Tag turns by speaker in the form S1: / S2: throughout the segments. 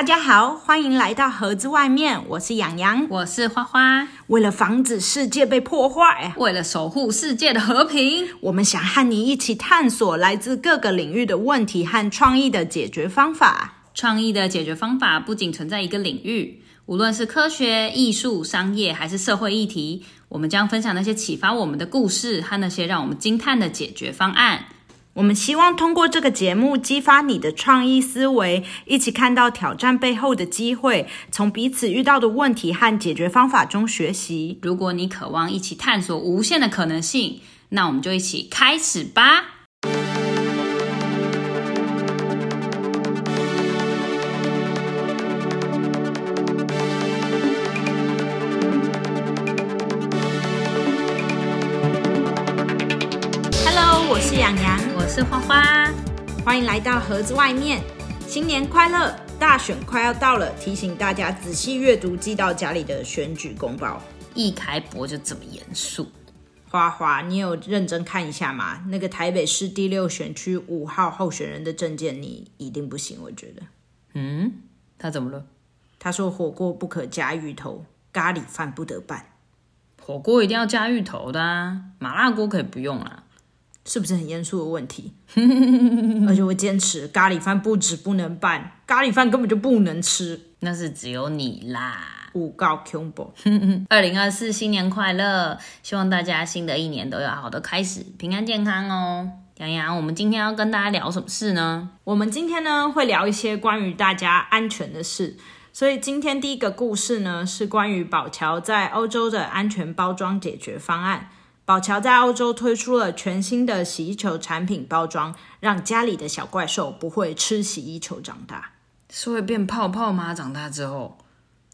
S1: 大家好，歡迎來到盒子外面。我是洋洋，我是花花。為了防止世界被破壞，為了守護世界的和平，我們想和你一起探索來自各個領域的問題和創意的解決方法。創意的解決方法不僅存在一個領域，無論是科學、藝術、商業還是社會議題，我們將分享那些啟發我們的故事和那些讓我們驚嘆的解決方案。我們希望通過這個節目激發你的創意思維，一起看到挑戰背後的機會，從彼此遇到的問題和解決方法中學習。如果你渴望一起探索無限的可能性，那我們就一起開始吧。是花花，歡迎來到盒子外面。新年快樂！大選快要到了，提醒大家仔細閱讀寄到家裡的選舉公報。一開播就這麼嚴肅，花花，你有認真看一下嗎？那個台北市第六選區五號候選人的政見，你一定不行，我覺得。嗯，他怎麼了？他說火鍋不可加芋頭，咖喱飯不得拌。火鍋一定要加芋頭的啊，麻辣鍋可以不用啦、啊。是不是很嚴肅的問題？ 而且我堅持，咖喱飯不止不能拌，咖喱飯根本就不能吃。那是只有你啦，五告恐怖哼。二零二四新年快樂，希望大家新的一年都有好的開始，平安健康哦。洋洋，我們今天要跟大家聊什麼事呢？我們今天呢會聊一些關於大家安全的事。所以今天第一個故事呢是關於寶橋在歐洲的安全包裝解決方案。寶僑在澳洲推出了全新的洗衣球產品包裝，讓家裡的小怪獸不會吃洗衣球長大，是會變泡泡嗎？長大之後，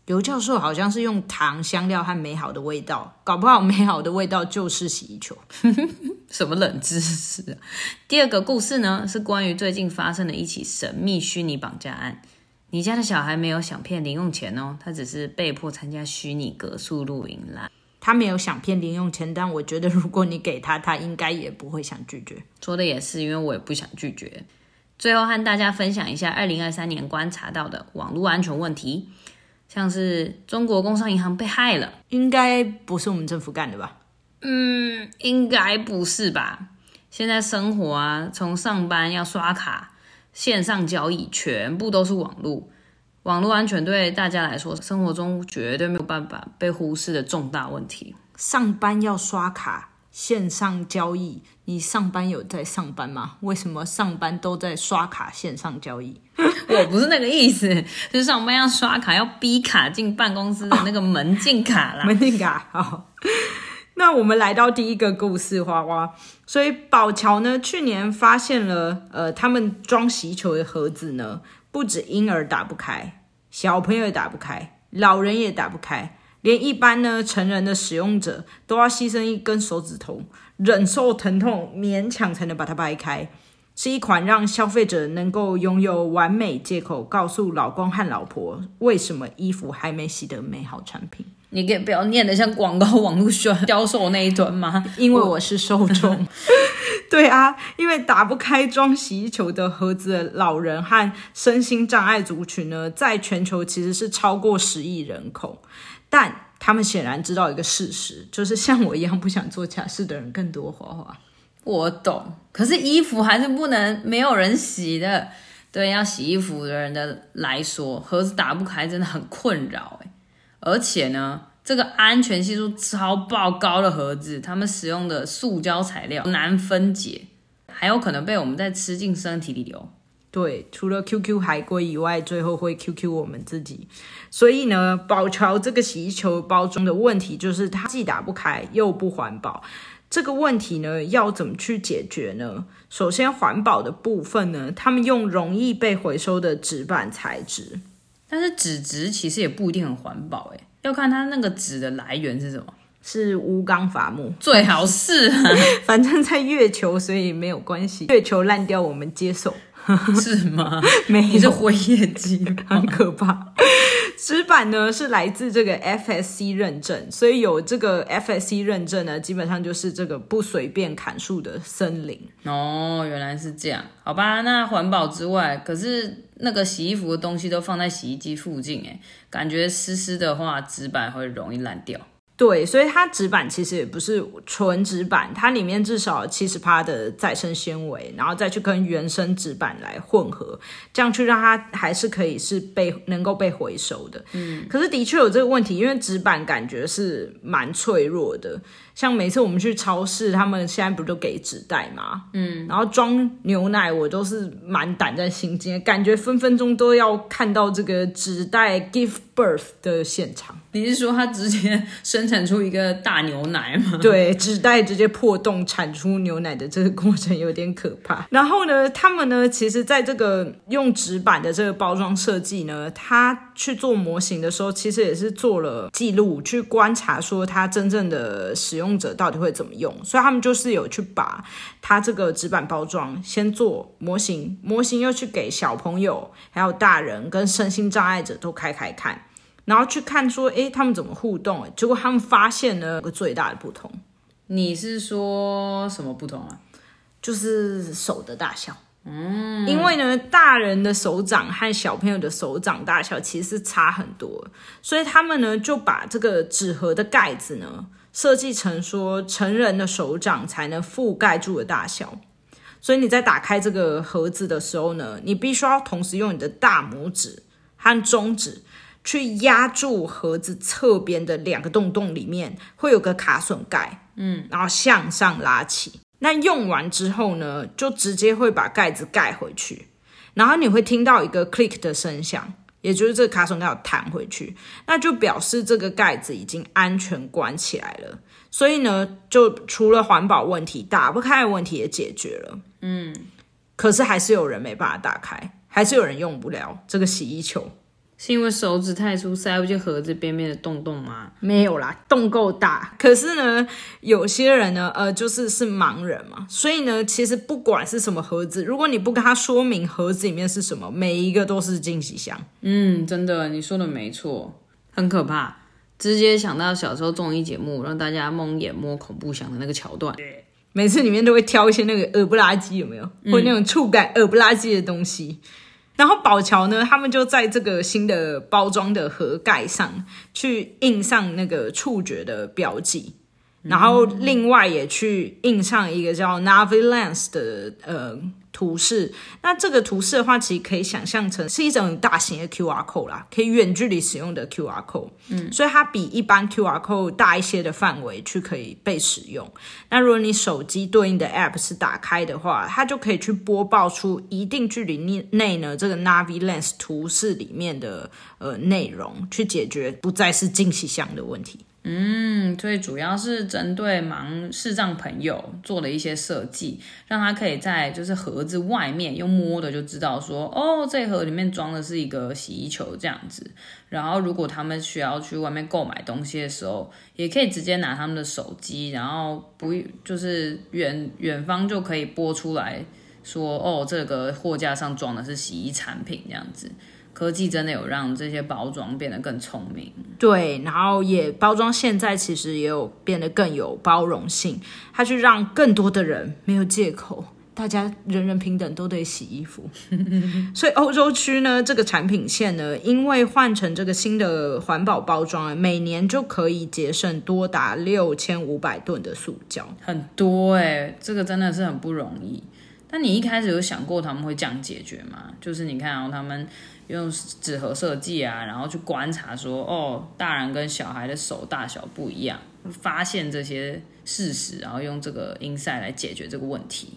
S1: 劉教授好像是用糖、香料和美好的味道，搞不好美好的味道就是洗衣球， 什麼冷知識啊？第二個故事呢，是關於最近發生的一起神秘虛擬綁架案。你家的小孩沒有想騙零用錢哦，他只是被迫參加虛擬格數露營啦。他沒有想騙零用錢，但我覺得如果你給他，他應該也不會想拒絕。說的也是，因為我也不想拒絕。最後和大家分享一下二零二三年觀察到的網絡安全問題，像是中國工商銀行被駭了，應該不是我們政府幹的吧？嗯，應該不是吧？現在生活啊，從上班要刷卡、線上交易，全部都是網絡。網絡安全對大家來說，生活中絕對沒有辦法被忽視的重大問題。上班要刷卡，線上交易，你上班有在上班嗎？為什麼上班都在刷卡線上交易？ 我不是那個意思， 是上班要刷卡，要嗶卡進辦公室的那個門禁卡啦。哦、門禁卡好。 那我們來到第一個故事，花花。所以寶僑呢，去年發現了，呃，他們裝洗衣球的盒子呢。不止嬰兒打不開，小朋友也打不開，老人也打不開，連一般呢成人的使用者都要犧牲一根手指頭，忍受疼痛，勉強才能把它掰開，是一款讓消費者能夠擁有完美借口告訴老公和老婆為什麼衣服還沒洗的美好產品。你給不要念得像廣告網路宣銷售那一段嗎？ 因為我是受眾。 對啊，因為打不開裝洗衣球的盒子的老人和身心障礙族群呢，在全球其實是超過十億人口，但他們顯然知道一個事實，就是像我一樣不想做假事的人更多。花花，我懂，可是衣服還是不能沒有人洗的。對要洗衣服的人的來說，盒子打不開真的很困擾哎，而且呢。這個安全係數超爆高的盒子，他們使用的塑膠材料難分解，還有可能被我們再吃進身體裡哦。對，除了 QQ 海龜以外，最後會 QQ 我們自己。所以呢，寶僑這個洗衣球包裝的問題就是它既打不開又不環保。這個問題呢，要怎麼去解決呢？首先，環保的部分呢，他們用容易被回收的紙板材質，但是紙質其實也不一定很環保欸。要看他那個紙的來源是什麼？是鎢鋼伐木，最好是、啊， 反正在月球，所以沒有關係。月球爛掉，我們接受， 是嗎？ 沒這灰眼睛， 很可怕。 紙板呢是來自這個 FSC 認證，所以有這個 FSC 認證呢，基本上就是這個不隨便砍樹的森林。哦，原來是這樣，好吧？那環保之外，可是那個洗衣服的東西都放在洗衣機附近，誒，感覺濕濕的話，紙板會容易爛掉。對，所以它紙板其實也不是純紙板，它裡面至少七十趴的再生纖維，然後再去跟原生紙板來混合，這樣去讓它還是可以是被能夠被回收的。嗯，可是的確有這個問題，因為紙板感覺是蠻脆弱的。像每次我們去超市，他們現在不都給紙袋嗎？嗯，然後裝牛奶，我都是蠻膽戰心驚，感覺分分鐘都要看到這個紙袋 give birth 的現場。你是說它直接生產出一個大牛奶嗎？對，紙袋直接破洞產出牛奶的這個過程有點可怕。然後呢，他們呢，其實在這個用紙板的這個包裝設計呢，它。去做模型的時候，其實也是做了記錄，去觀察說他真正的使用者到底會怎麼用，所以他們就是有去把它這個紙板包裝先做模型，模型又去給小朋友還有大人跟身心障礙者都開開看，然後去看說，誒，他們怎麼互動？結果他們發現呢，有個最大的不同，你是說什麼不同啊？就是手的大小。嗯，因為呢，大人的手掌和小朋友的手掌大小其實是差很多，所以他們呢就把這個紙盒的蓋子呢設計成說成人的手掌才能覆蓋住的大小，所以你在打開這個盒子的時候呢，你必須要同時用你的大拇指和中指去壓住盒子側邊的兩個洞洞，裡面會有個卡榫蓋，嗯，然後向上拉起。但用完之後呢，就直接會把蓋子蓋回去，然後你會聽到一個 click 的聲響，也就是這個卡榫要彈回去，那就表示這個蓋子已經安全關起來了。所以呢，就除了環保問題，打不開的問題也解決了。嗯，可是還是有人沒辦法打開，還是有人用不了這個洗衣球。是因為手指太粗，塞不進盒子邊邊的洞洞嗎？沒有啦，洞夠大。可是呢，有些人呢，呃，就是是盲人嘛，所以呢，其實不管是什麼盒子，如果你不跟他說明盒子裡面是什麼，每一個都是驚喜箱。嗯，真的，你說的沒錯，很可怕，直接想到小時候綜藝節目讓大家蒙眼摸恐怖箱的那個橋段。對，每次裡面都會挑一些那個惡不拉幾有沒有，或、嗯、那種觸感惡不拉幾的東西。然後寶僑呢，他們就在這個新的包裝的盒蓋上去印上那個觸覺的標記。然後另外也去印上一個叫 Navi Lens 的呃圖示，那這個圖示的話，其實可以想象成是一種大型的 QR code 啦，可以遠距離使用的 QR code。嗯，所以它比一般 QR code 大一些的範圍去可以被使用。那如果你手機對應的 app 是打開的話，它就可以去播報出一定距離內內呢這個 Navi Lens 圖示裡面的呃內容，去解決不再是近期項的問題。嗯，最主要是針對盲視障朋友做了一些設計，讓他可以在就是盒子外面用摸的就知道說，哦，這盒裡面裝的是一個洗衣球這樣子。然後如果他們需要去外面購買東西的時候，也可以直接拿他們的手機，然後不就是遠遠方就可以播出來說，哦，這個貨架上裝的是洗衣產品這樣子。科技真的有讓這些包裝變得更聰明，對，然後也包裝現在其實也有變得更有包容性，它去讓更多的人沒有借口，大家人人平等都得洗衣服。 所以歐洲區呢，這個產品線呢，因為換成這個新的環保包裝啊，每年就可以節省多達六千五百噸的塑膠，很多誒、欸、這個真的是很不容易。那你一開始有想過他們會這樣解決嗎？就是你看哦，他們用紙盒設計啊，然後去觀察說，哦，大人跟小孩的手大小不一樣，發現這些事實，然後用這個 insight 來解決這個問題。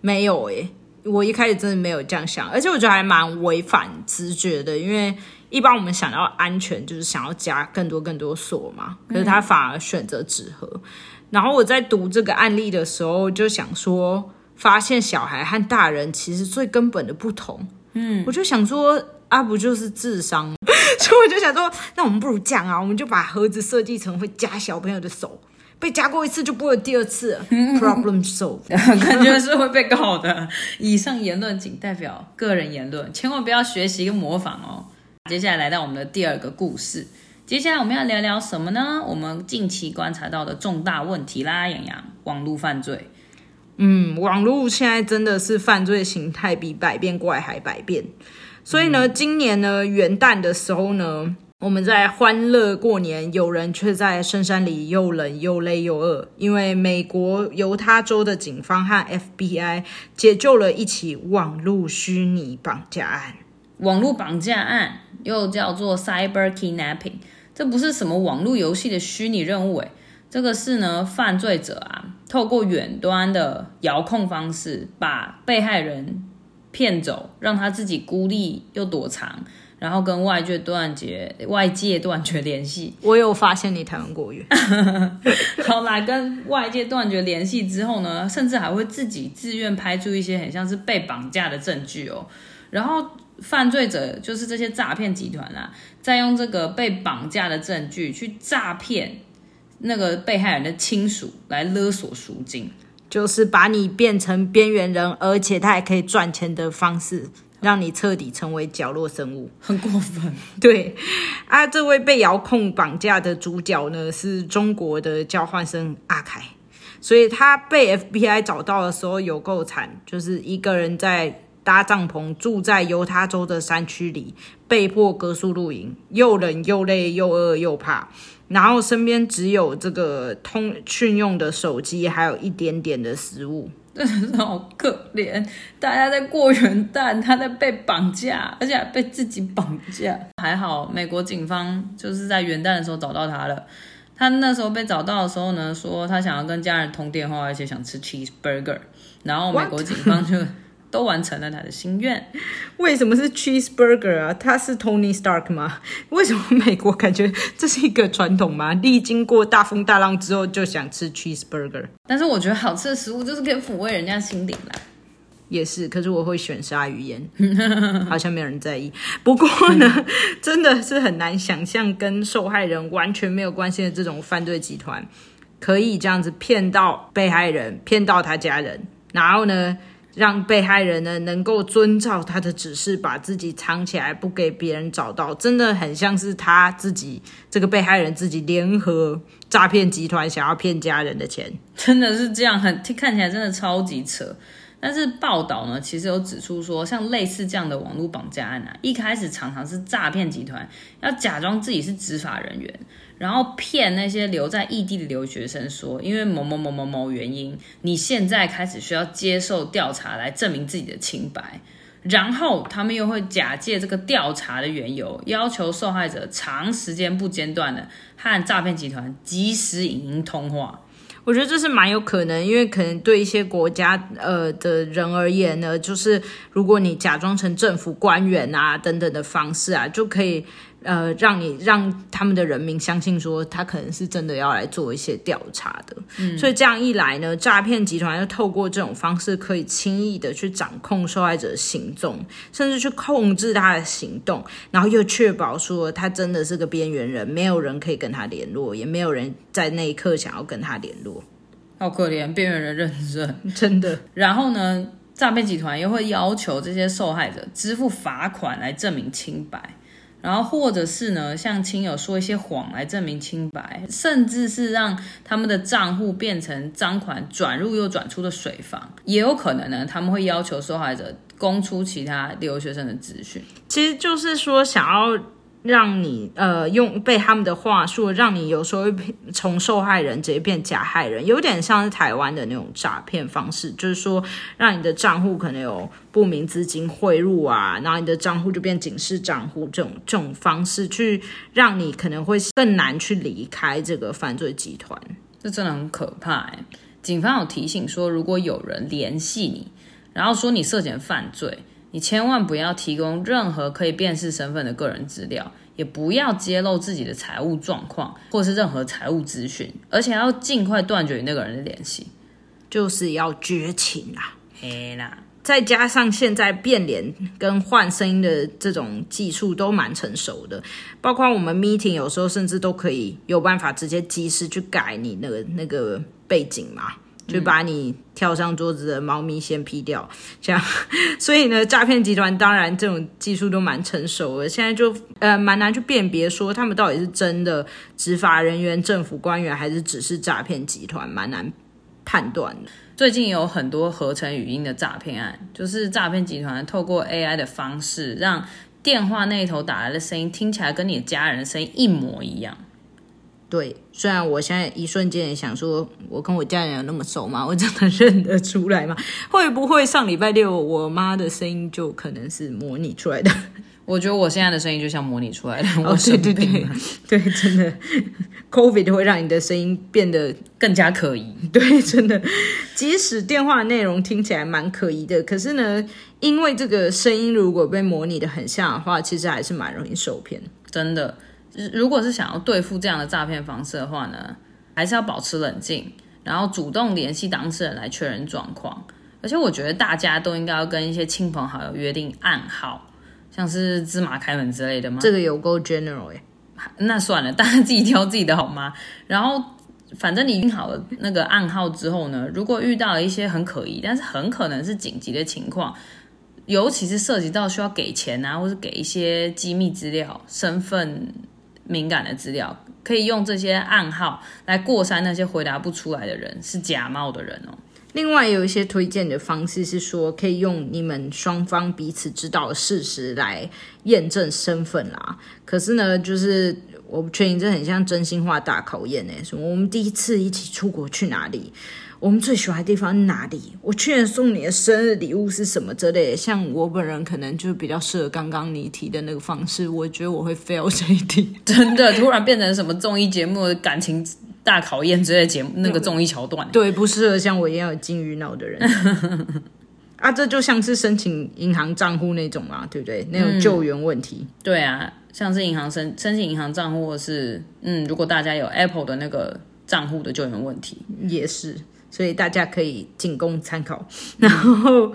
S1: 沒有誒、欸，我一開始真的沒有這樣想，而且我覺得還蠻違反直覺的，因為一般我們想要安全就是想要加更多更多鎖嘛，可是他反而選擇紙盒。嗯、然後我在讀這個案例的時候就想說。發現小孩和大人其實最根本的不同，嗯，我就想說，啊，不就是智商嗎？ 所以我就想說，那我們不如這樣啊，我們就把盒子設計成會夾小朋友的手，被夾過一次就不會有第二次。嗯嗯 Problem solved， 感覺是會被告的。以上言論僅代表個人言論，千萬不要學習跟模仿哦。接下來來到我們的第二個故事，接下來我們要聊聊什麼呢？我們近期觀察到的重大問題啦，洋洋，網絡犯罪。嗯，網絡現在真的是犯罪形態比百變怪還百變，嗯、所以呢，今年呢元旦的時候呢，我們在歡樂過年，有人卻在深山裡又冷又累又餓，因為美國猶他州的警方和 FBI 解救了一起網絡虛擬綁架案。網絡綁架案又叫做 Cyber Kidnapping，這不是什麼網絡遊戲的虛擬任務哎、欸，這個是呢犯罪者啊。透過遠端的遙控方式，把被害人騙走，讓他自己孤立又躲藏，然後跟外界斷絕外界斷絕聯繫。我有發現你台灣國語。 好，來跟外界斷絕聯繫之後呢，甚至還會自己自願拍出一些很像是被綁架的證據哦。然後犯罪者就是這些詐騙集團啦、啊，再用這個被綁架的證據去詐騙那個被害人的親屬來勒索贖金，就是把你變成邊緣人，而且他還可以賺錢的方式，讓你徹底成為角落生物，很過分。對，啊，這位被遙控綁架的主角呢，是中國的交換生阿凱，所以他被 FBI 找到的時候，有夠慘，就是一個人在搭帳篷，住在猶他州的山區裡，被迫隔宿露營，又冷又累又餓又怕。然後身邊只有這個通訊用的手機，還有一點點的食物，真的是好可憐。大家在過元旦，他在被綁架，而且還被自己綁架。 還好美國警方就是在元旦的時候找到他了。他那時候被找到的時候呢，說他想要跟家人通電話，而且想吃 cheeseburger。然後美國警方就。What? 都完成了他的心願，為什麼是 cheeseburger 啊？他是 Tony Stark 嗎？為什麼美國感覺這是一個傳統嗎？歷經過大風大浪之後就想吃 cheeseburger？但是我覺得好吃的食物就是可以撫慰人家心靈的，也是。可是我會選鯊魚煙，好像沒有人在意。不過呢，真的是很難想象跟受害人完全沒有關係的這種犯罪集團，可以這樣子騙到被害人，騙到他家人，然後呢，讓被害人呢能夠遵照他的指示把自己藏起來，不給別人找到，真的很像是他自己這個被害人自己聯合詐騙集團想要騙家人的錢，真的是這樣，很看起來真的超級扯。但是報道呢，其實有指出說，像類似這樣的網絡綁架案啊，一開始常常是詐騙集團要假裝自己是執法人員。然後騙那些留在異地的留學生說，因為某某某某某原因，你現在開始需要接受調查來證明自己的清白。然後他們又會假借這個調查的緣由，要求受害者長時間不間斷地和詐騙集團及時語音通話。我覺得這是蠻有可能，因為可能對一些國家呃的人而言呢，就是如果你假裝成政府官員啊等等的方式啊，就可以。呃，讓你讓他們的人民相信說他可能是真的要來做一些調查的，嗯、所以這樣一來呢，詐騙集團就透過這種方式可以輕易的去掌控受害者的行動，甚至去控制他的行動，然後又確保說他真的是個邊緣人，沒有人可以跟他聯絡，也沒有人在那一刻想要跟他聯絡，好可憐，邊緣人認證，真的。 然後呢，詐騙集團又會要求這些受害者支付罰款來證明清白。然後，或者是呢，向親友說一些謊來證明清白，甚至是讓他們的賬戶變成贓款轉入又轉出的水房，也有可能呢，他們會要求受害者供出其他留學生的資訊，其實就是說想要。讓你呃用被他們的話術，讓你有時候會從受害人直接變加害人，有點像是台灣的那種詐騙方式，就是說，讓你的賬戶可能有不明資金匯入啊，然後你的賬戶就變警示賬戶，這種這種方式去讓你可能會更難去離開這個犯罪集團，這真的很可怕欸。警方有提醒說，如果有人聯繫你，然後說你涉嫌犯罪。你千萬不要提供任何可以辨識身份的個人資料，也不要揭露自己的財務狀況或是任何財務資訊，而且要儘快斷絕與那個人的聯繫，就是要絕情、啊、啦。哎啦，再加上現在變臉跟換聲音的這種技術都蠻成熟的，包括我們 meeting 有時候甚至都可以有辦法直接及時去改你那個那個背景嘛。就把你跳上桌子的貓咪先 P 掉，嗯、這樣，所以呢，詐騙集團當然這種技術都蠻成熟了，現在就呃蠻難去辨別說他們到底是真的執法人員、政府官員，還是只是詐騙集團，蠻難判斷的。最近有很多合成語音的詐騙案，就是詐騙集團透過 AI 的方式，讓電話那一頭打來的聲音聽起來跟你家人的聲音一模一樣。對，雖然我現在一瞬間想說，我跟我家人有那麼熟嗎？我真的認得出來嗎？會不會上禮拜六我媽的聲音就可能是模擬出來的？我覺得我現在的聲音就像模擬出來的。哦，對對對，對，對，真的，COVID 就 會讓你的聲音變得更加可疑。 對，真的，即使電話內容聽起來蠻可疑的，可是呢，因為這個聲音如果被模擬得很像的話，其實還是蠻容易受騙，真的。如果是想要對付這樣的詐騙方式的話呢，還是要保持冷靜，然後主動聯繫當事人來確認狀況。而且我覺得大家都應該要跟一些親朋好友約定暗號，像是芝麻開門之類的嗎？這個有夠 general 欸。那算了，大家自己挑自己的好嗎？然後，反正你定好了那個暗號之後呢，如果遇到了一些很可疑，但是很可能是緊急的情況，尤其是涉及到需要給錢啊，或是給一些機密資料、身份。敏感的資料可以用這些暗號來過篩，那些回答不出來的人是假冒的人哦。另外有一些推薦的方式是說，可以用你們雙方彼此知道的事實來驗證身份啦。可是呢，就是我不確定這很像真心話大考驗呢、欸，什麼我們第一次一起出國去哪裡？我們最喜歡的地方是哪裡？我去年送你的生日禮物是什麼？之類。像我本人可能就比較適合剛剛你提的那個方式。我覺得我會 fail 這一題，真的突然變成什麼綜藝節目，感情大考驗之類的節目對那個綜藝橋段，對，不適合像我一樣有金魚腦的人的 啊！這就像是申請銀行賬戶那種嘛，對不對？那種救援問題、嗯，對啊，像是銀行申申請銀行賬戶是嗯，如果大家有 Apple 的那個賬戶的救援問題，也是。所以大家可以僅供參考， 然後。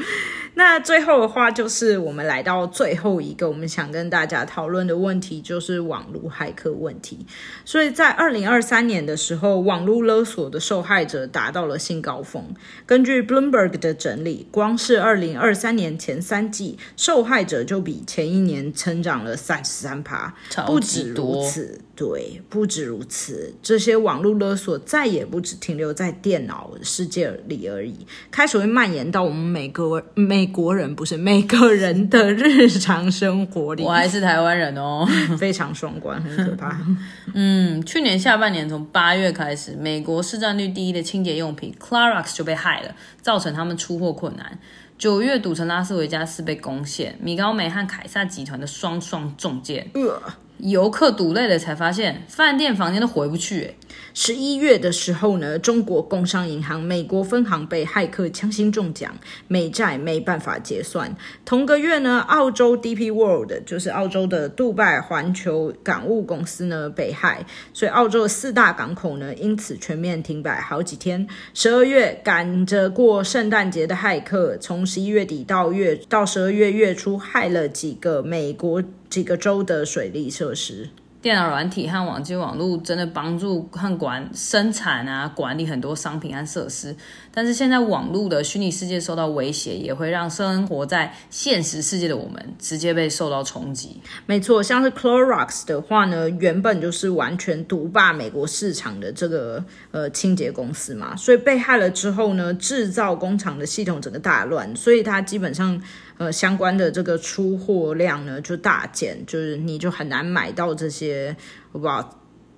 S1: 那最後的話就是，我們來到最後一個，我們想跟大家討論的問題就是網絡駭客問題。所以在二零二三年的時候，網絡勒索的受害者達到了新高峰。根據 Bloomberg 的整理，光是二零二三年前三季，受害者就比前一年成長了三十三趴，不止如此，對，不止如此。這些網絡勒索再也不止停留在電腦世界裡而已，開始會蔓延到我們每個每。國人，不是每個人的日常生活裡，我還是台灣人哦， 非常雙關，很可怕。 嗯，去年下半年從八月開始，美國市占率第一的清潔用品 Clorox 就被害了，造成他們出貨困難。九月賭城拉斯維加斯被攻陷，米高梅和凱撒集團的雙雙中箭。呃遊客賭累了，才發現飯店房間都回不去。十一月的時候呢，中國工商銀行美國分行被駭客強行中獎，美債沒辦法結算。同個月呢，澳洲 DP World 就是澳洲的杜拜環球港務公司呢被害，所以澳洲四大港口呢因此全面停擺好幾天。十二月趕着過聖誕節的駭客，從十一月底到月到十二月月初，害了幾個美國。幾個州的水利設施、電腦軟體和網際網絡真的幫助和管生產啊、管理很多商品和設施。但是現在網絡的虛擬世界受到威脅，也會讓生活在現實世界的我們直接被受到衝擊。沒錯，像是 Clorox 的話呢，原本就是完全獨霸美國市場的這個呃清潔公司嘛，所以被害了之後呢，製造工廠的系統整個大亂，所以它基本上。呃，相關的這個出貨量呢就大減，就是你就很難買到這些，我不知道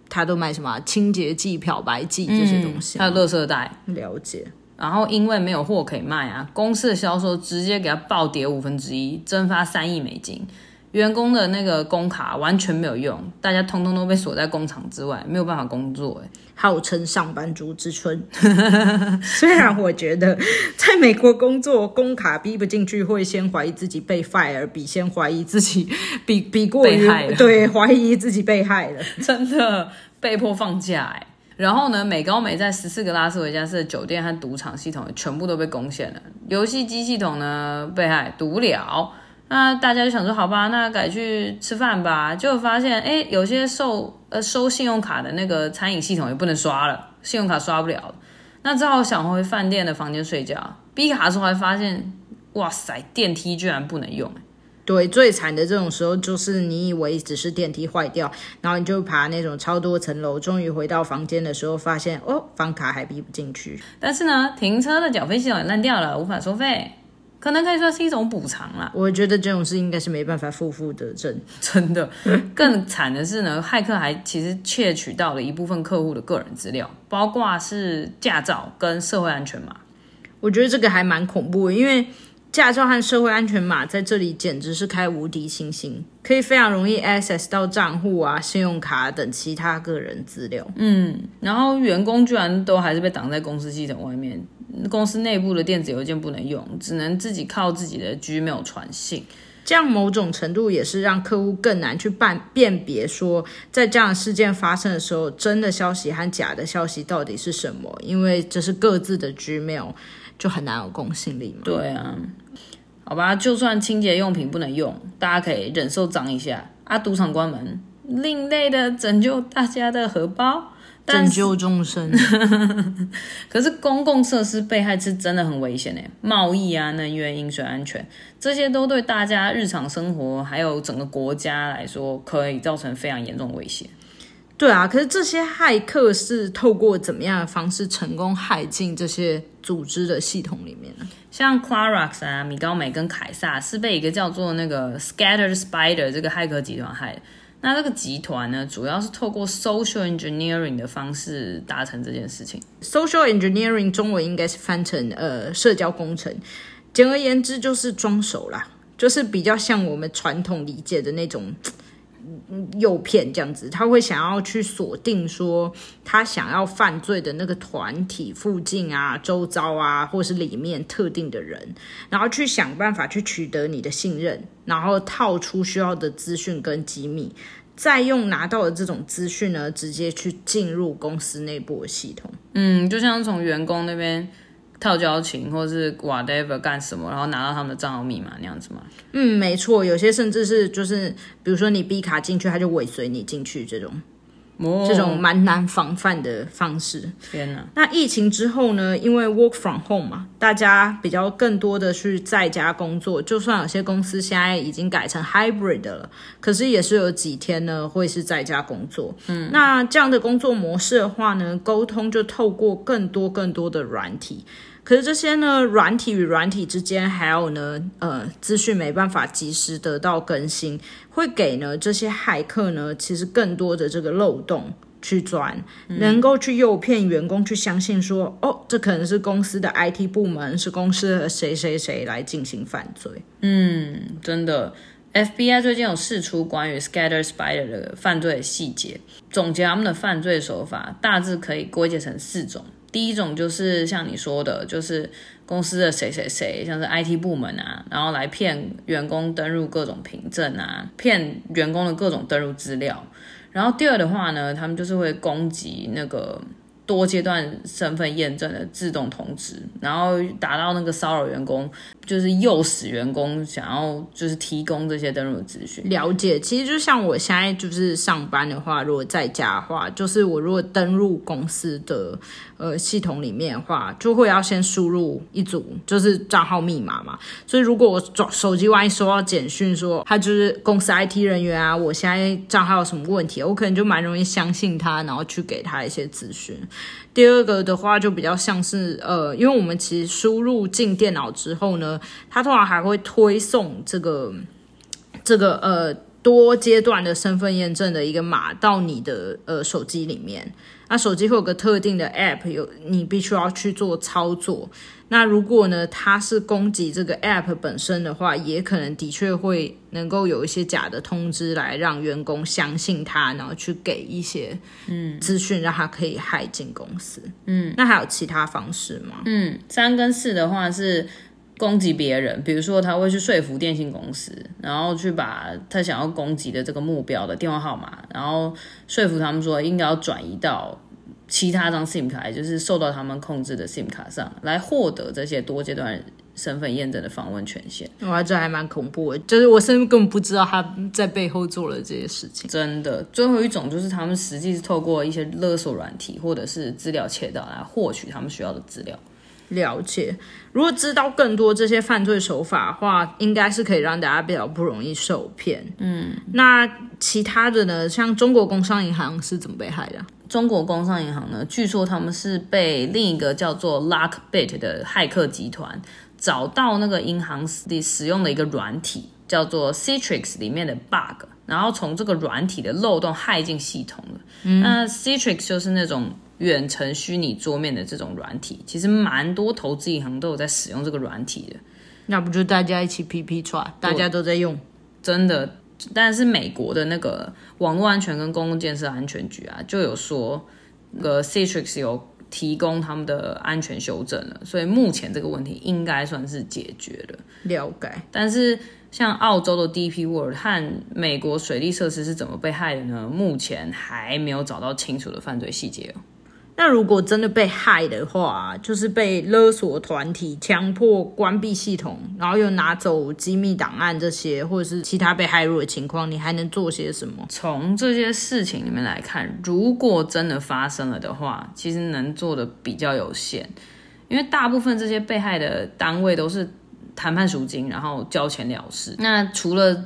S1: 他都賣什麼清潔劑、漂白劑、嗯、這些東西，還有垃圾袋。了解。然後因為沒有貨可以賣啊，公司的銷售直接給他暴跌五分之一，5, 蒸發三億美金。員工的那個工卡完全沒有用，大家通通都被鎖在工廠之外，沒有辦法工作。哎，號稱“上班族之春”， 雖然我覺得在美國工作，工卡逼不進去會先懷疑自己被 fire，比先懷疑自己比比過於被害對，懷疑自己被害了，真的被迫放假。然後呢，美高美在十四個拉斯維加斯的酒店和賭場系統全部都被攻陷了，遊戲機系統呢被害，賭不了。那大家就想說好吧，那改去吃飯吧，就發現哎，有些收呃收信用卡的那個餐飲系統也不能刷了，信用卡刷不了了。那只好想回飯店的房間睡覺，逼卡的時候還發現，哇塞，電梯居然不能用。對，最慘的這種時候就是你以為只是電梯壞掉，然後你就爬那種超多層樓，終於回到房間的時候發現哦，房卡還逼不進去。但是呢，停車的繳費系統爛掉了，無法收費。可能可以說是一種補償啦，我覺得這種事應該是沒辦法負負得正， 真的。更慘的是呢， 駭客還其實竊取到了一部分客戶的個人資料，包括是駕照跟社會安全碼。我覺得這個還蠻恐怖，因為駕照和社會安全碼在這裡簡直是開無敵星星，可以非常容易 access 到賬戶啊、信用卡、啊、等其他個人資料。嗯，然後員工居然都還是被擋在公司系統外面。公司內部的電子郵件不能用，只能自己靠自己的 Gmail 傳信，這樣某種程度也是讓客戶更難去辦，辨別說在這樣的事件發生的時候，真的消息和假的消息到底是什麼，因為這是各自的 Gmail 就很難有公信力嘛。對啊，好吧，就算清潔用品不能用，大家可以忍受髒一下啊，賭場關門，另類的拯救大家的荷包。但拯救眾生， 可是公共設施被害是真的很危險誒。貿易啊、能源、飲水安全，這些都對大家日常生活還有整個國家來說，可以造成非常嚴重的危險。對啊，可是這些駭客是透過怎麼樣的方式成功駭進這些組織的系統裡面呢？像 Clorox 啊、米高梅跟凱撒是被一個叫做那個 Scattered Spider 這個駭客集團駭。那這個集團呢，主要是透過 social engineering 的方式達成這件事情。social engineering 中文應該是翻成呃社交工程，簡而言之就是裝熟啦，就是比較像我們傳統理解的那種。誘騙這樣子，他會想要去鎖定說他想要犯罪的那個團體附近啊、周遭啊，或是裡面特定的人，然後去想辦法去取得你的信任，然後套出需要的資訊跟機密，再用拿到的這種資訊呢，直接去進入公司內部的系統。嗯，就像從員工那邊。套交情，或是 whatever 幹什麼，然後拿到他們的賬號密碼那樣子嘛？嗯，沒錯，有些甚至是就是，比如說你 B 卡進去，他就尾隨你進去這種，oh. 這種蠻難防範的方式。天哪！那疫情之後呢？因為 work from home 嘛，大家比較更多的去在家工作，就算有些公司現在已經改成 hybrid 了，可是也是有幾天呢會是在家工作。嗯，那這樣的工作模式的話呢，溝通就透過更多更多的軟體。其實這些呢，軟體與軟體之間，還有呢，呃，資訊沒辦法及時得到更新，會給呢這些駭客呢，其實更多的這個漏洞去鑽，能夠去誘騙員工去相信說，嗯、哦，這可能是公司的 IT 部門，是公司的誰誰誰來進行犯罪。嗯，真的，FBI 最近有釋出關於 Scatter Spider 的犯罪的細節，總結他們的犯罪手法，大致可以歸結成四種。第一種就是像你說的，就是公司的誰誰誰，像是 IT 部門啊，然後來騙員工登入各種憑證啊，騙員工的各種登入資料。然後第二的話呢，他們就是會攻擊那個。多階段身份驗證的自動通知，然後達到那個騷擾員工，就是誘使員工想要就是提供這些登錄資訊。了解，其實就像我現在就是上班的話，如果在家的話，就是我如果登錄公司的，呃，系統裡面的話，就會要先輸入一組，就是賬號密碼嘛。所以如果我手機萬一收到簡訊說他就是公司 IT 人員啊，我現在賬號有什麼問題，我可能就蠻容易相信他，然後去給他一些資訊。第二個的話就比較像是，呃，因為我們其實輸入進電腦之後呢，它通常還會推送這個這個呃多階段的身份驗證的一個碼到你的呃手機裡面，那、啊、手機會有個特定的 app，有你必須要去做操作。那如果呢，他是攻擊這個 app 本身的話，也可能的確會能夠有一些假的通知來讓員工相信他，然後去給一些嗯資訊，讓他可以駭進公司。嗯，那還有其他方式嗎？嗯，三跟四的話是攻擊別人，比如說他會去說服電信公司，然後去把他想要攻擊的這個目標的電話號碼，然後說服他們說應該要轉移到。其他張 SIM 卡，也就是受到他們控制的 SIM 卡上，來獲得這些多階段身份驗證的訪問權限。我這還蠻恐怖的，就是我甚至根本不知道他在背後做了這些事情。真的，最後一種就是他們實際是透過一些勒索軟體或者是資料竊盜來獲取他們需要的資料。了解，如果知道更多這些犯罪手法的話，應該是可以讓大家比較不容易受騙。嗯，那其他的呢？像中國工商銀行是怎麼被害的？中國工商銀行呢？據說他們是被另一個叫做 LockBit 的駭客集團找到那個銀行裡使用了一個軟體，叫做 Citrix 裡面的 bug，然後從這個軟體的漏洞駭進系統了。嗯。那 Citrix 就是那種。遠程虛擬桌面的這種軟體，其實蠻多投資銀行都有在使用這個軟體的。那不就大家一起 P P Try< 對>？大家都在用，真的。但是美國的那個網絡安全跟公共建設安全局啊，就有說，那個 Citrix 有提供他們的安全修正了，所以目前這個問題應該算是解決了。了解。但是像澳洲的 D P World 和美國水利設施是怎麼被害的呢？目前還沒有找到清楚的犯罪細節喔。那如果真的被害的話，就是被勒索團體強迫關閉系統，然後又拿走機密檔案這些，或者是其他被駭入的情況，你還能做些什麼？從這些事情裡面來看，如果真的發生了的話，其實能做的比較有限，因為大部分這些被害的單位都是談判贖金，然後交錢了事。那除了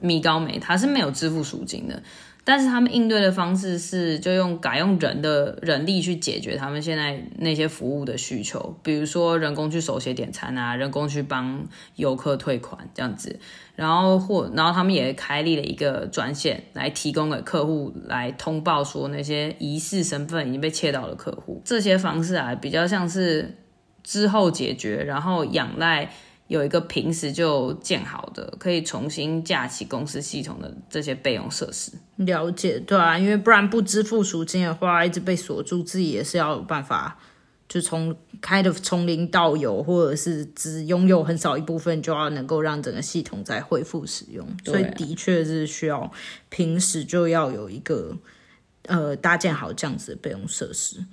S1: 米高梅，他是沒有支付贖金的。但是他們應對的方式是，就用改用人的人力去解決他們現在那些服務的需求，比如說人工去手寫點餐啊，人工去幫遊客退款這樣子，然後或，然後他們也開立了一個專線來提供給客戶來通報說那些疑似身份已經被竊盜的客戶。這些方式啊比較像是之後解決，然後仰賴。有一個平時就建好的，可以重新架起公司系統的這些備用設施。了解，對啊，因為不然不支付贖金的話，一直被鎖住，自己也是要有辦法，就從開的 kind of, 從零到有，或者是只擁有很少一部分，嗯，就要能夠讓整個系統再恢復使用。對啊，所以的確是需要平時就要有一個呃搭建好這樣子的備用設施。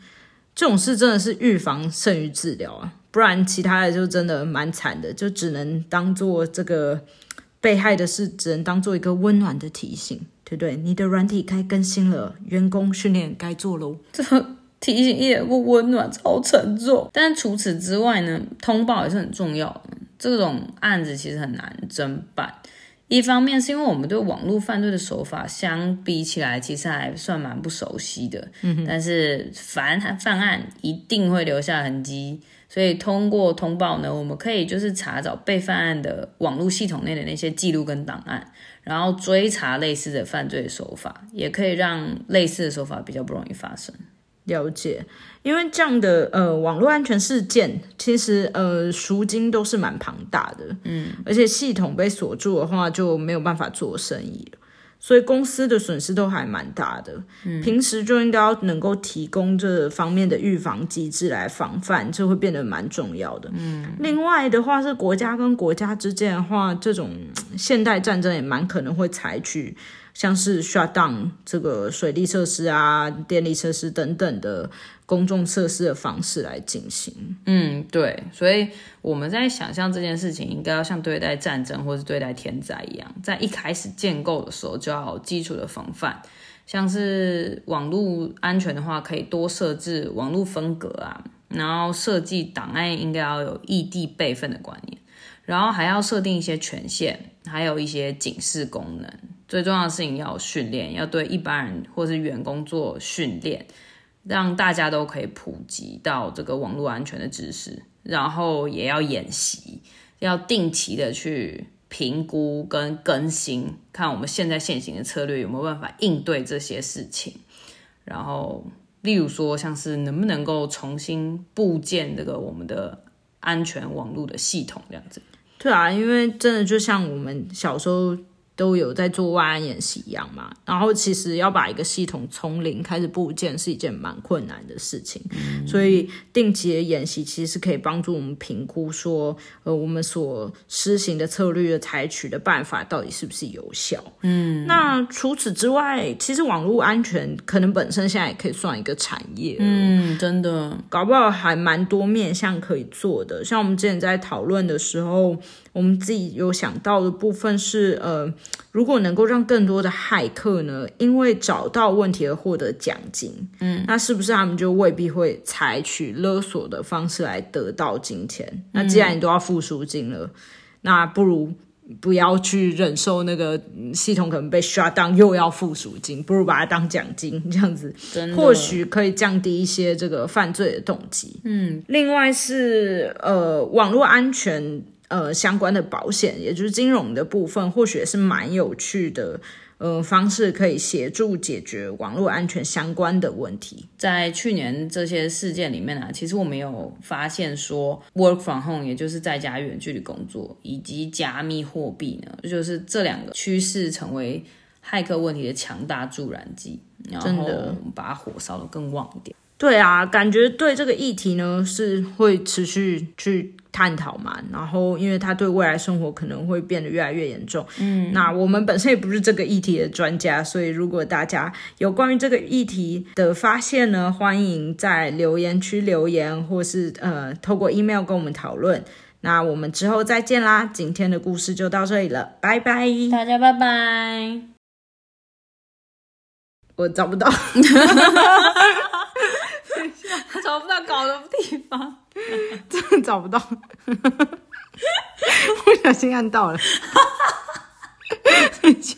S1: 這種事真的是預防勝於治療啊。不然其他的就真的蠻慘的，就只能當做這個被害的事，只能當做一個溫暖的提醒，對不對？你的軟體該更新了，員工訓練該做咯。這個提醒一點不溫暖，超沉重。但除此之外呢，通報也是很重要的。這種案子其實很難偵辦。一方面是因為我們對網絡犯罪的手法相比起來，其實還算蠻不熟悉的。嗯哼，但是凡犯，犯案一定會留下痕跡，所以通過通報呢，我們可以就是查找被犯案的網絡系統內的那些記錄跟檔案，然後追查類似的犯罪的手法，也可以讓類似的手法比較不容易發生。了解，因為這樣的呃網絡安全事件，其實呃贖金都是蠻龐大的，嗯，而且系統被鎖住的話就沒有辦法做生意，所以公司的損失都還蠻大的。嗯，平時就應該要能夠提供這方面的預防機制來防範，就會變得蠻重要的。嗯，另外的話是國家跟國家之間的話，這種現代戰爭也蠻可能會採取。像是 shut down 這個水利設施啊、電力設施等等的公眾設施的方式來進行。嗯，對，所以我們在想象這件事情，應該要像對待戰爭或是對待天災一樣，在一開始建構的時候就要有基礎的防範。像是網絡安全的話，可以多設置網絡分隔啊，然後設計檔案應該要有異地備份的觀念，然後還要設定一些權限，還有一些警示功能。最重要的事情要訓練，要對一般人或是員工做訓練，讓大家都可以普及到這個網絡安全的知識。然後也要演習，要定期的去評估跟更新，看我們現在現行的策略有沒有辦法應對這些事情。然後，例如說，像是能不能夠重新佈建這個我們的安全網絡的系統，這樣子。對啊，因為真的就像我們小時候。都有在做萬安演習一樣嘛，然後其實要把一個系統從零開始佈建是一件蠻困難的事情，嗯，所以定期的演習其實是可以幫助我們評估說，呃，我們所施行的策略的採取的辦法到底是不是有效。嗯，那除此之外，其實網絡安全可能本身現在也可以算一個產業，嗯，真的搞不好還蠻多面向可以做的。像我們之前在討論的時候，我們自己有想到的部分是，呃。如果能夠讓更多的駭客呢，因為找到問題而獲得獎金，嗯，那是不是他們就未必會採取勒索的方式來得到金錢？嗯，那既然你都要付贖金了，那不如不要去忍受那個系統可能被 shut down，又要付贖金，不如把它當獎金這樣子，的或許可以降低一些這個犯罪的動機。嗯，另外是呃網絡安全。呃，相關的保險，也就是金融的部分，或許也是蠻有趣的，呃，方式可以協助解決網絡安全相關的問題。在去年這些事件裡面呢、啊，其實我們有發現說，work from home，也就是在家遠距離工作，以及加密貨幣呢，就是這兩個趨勢成為駭客問題的強大助燃劑，然後把火燒得更旺一點。的對啊，感覺對這個議題呢，是會持續去。探討嘛，然後因為他對未來生活可能會變得越來越嚴重，嗯，那我們本身也不是這個議題的專家，所以如果大家有關於這個議題的發現呢，歡迎在留言區留言，或是呃透過 email 跟我們討論。那我們之後再見啦，今天的故事就到這裡了，拜拜，大家拜拜。我找不到， 等一下，他找不到搞的地方。真的找不到了，不小心按到了，等一下。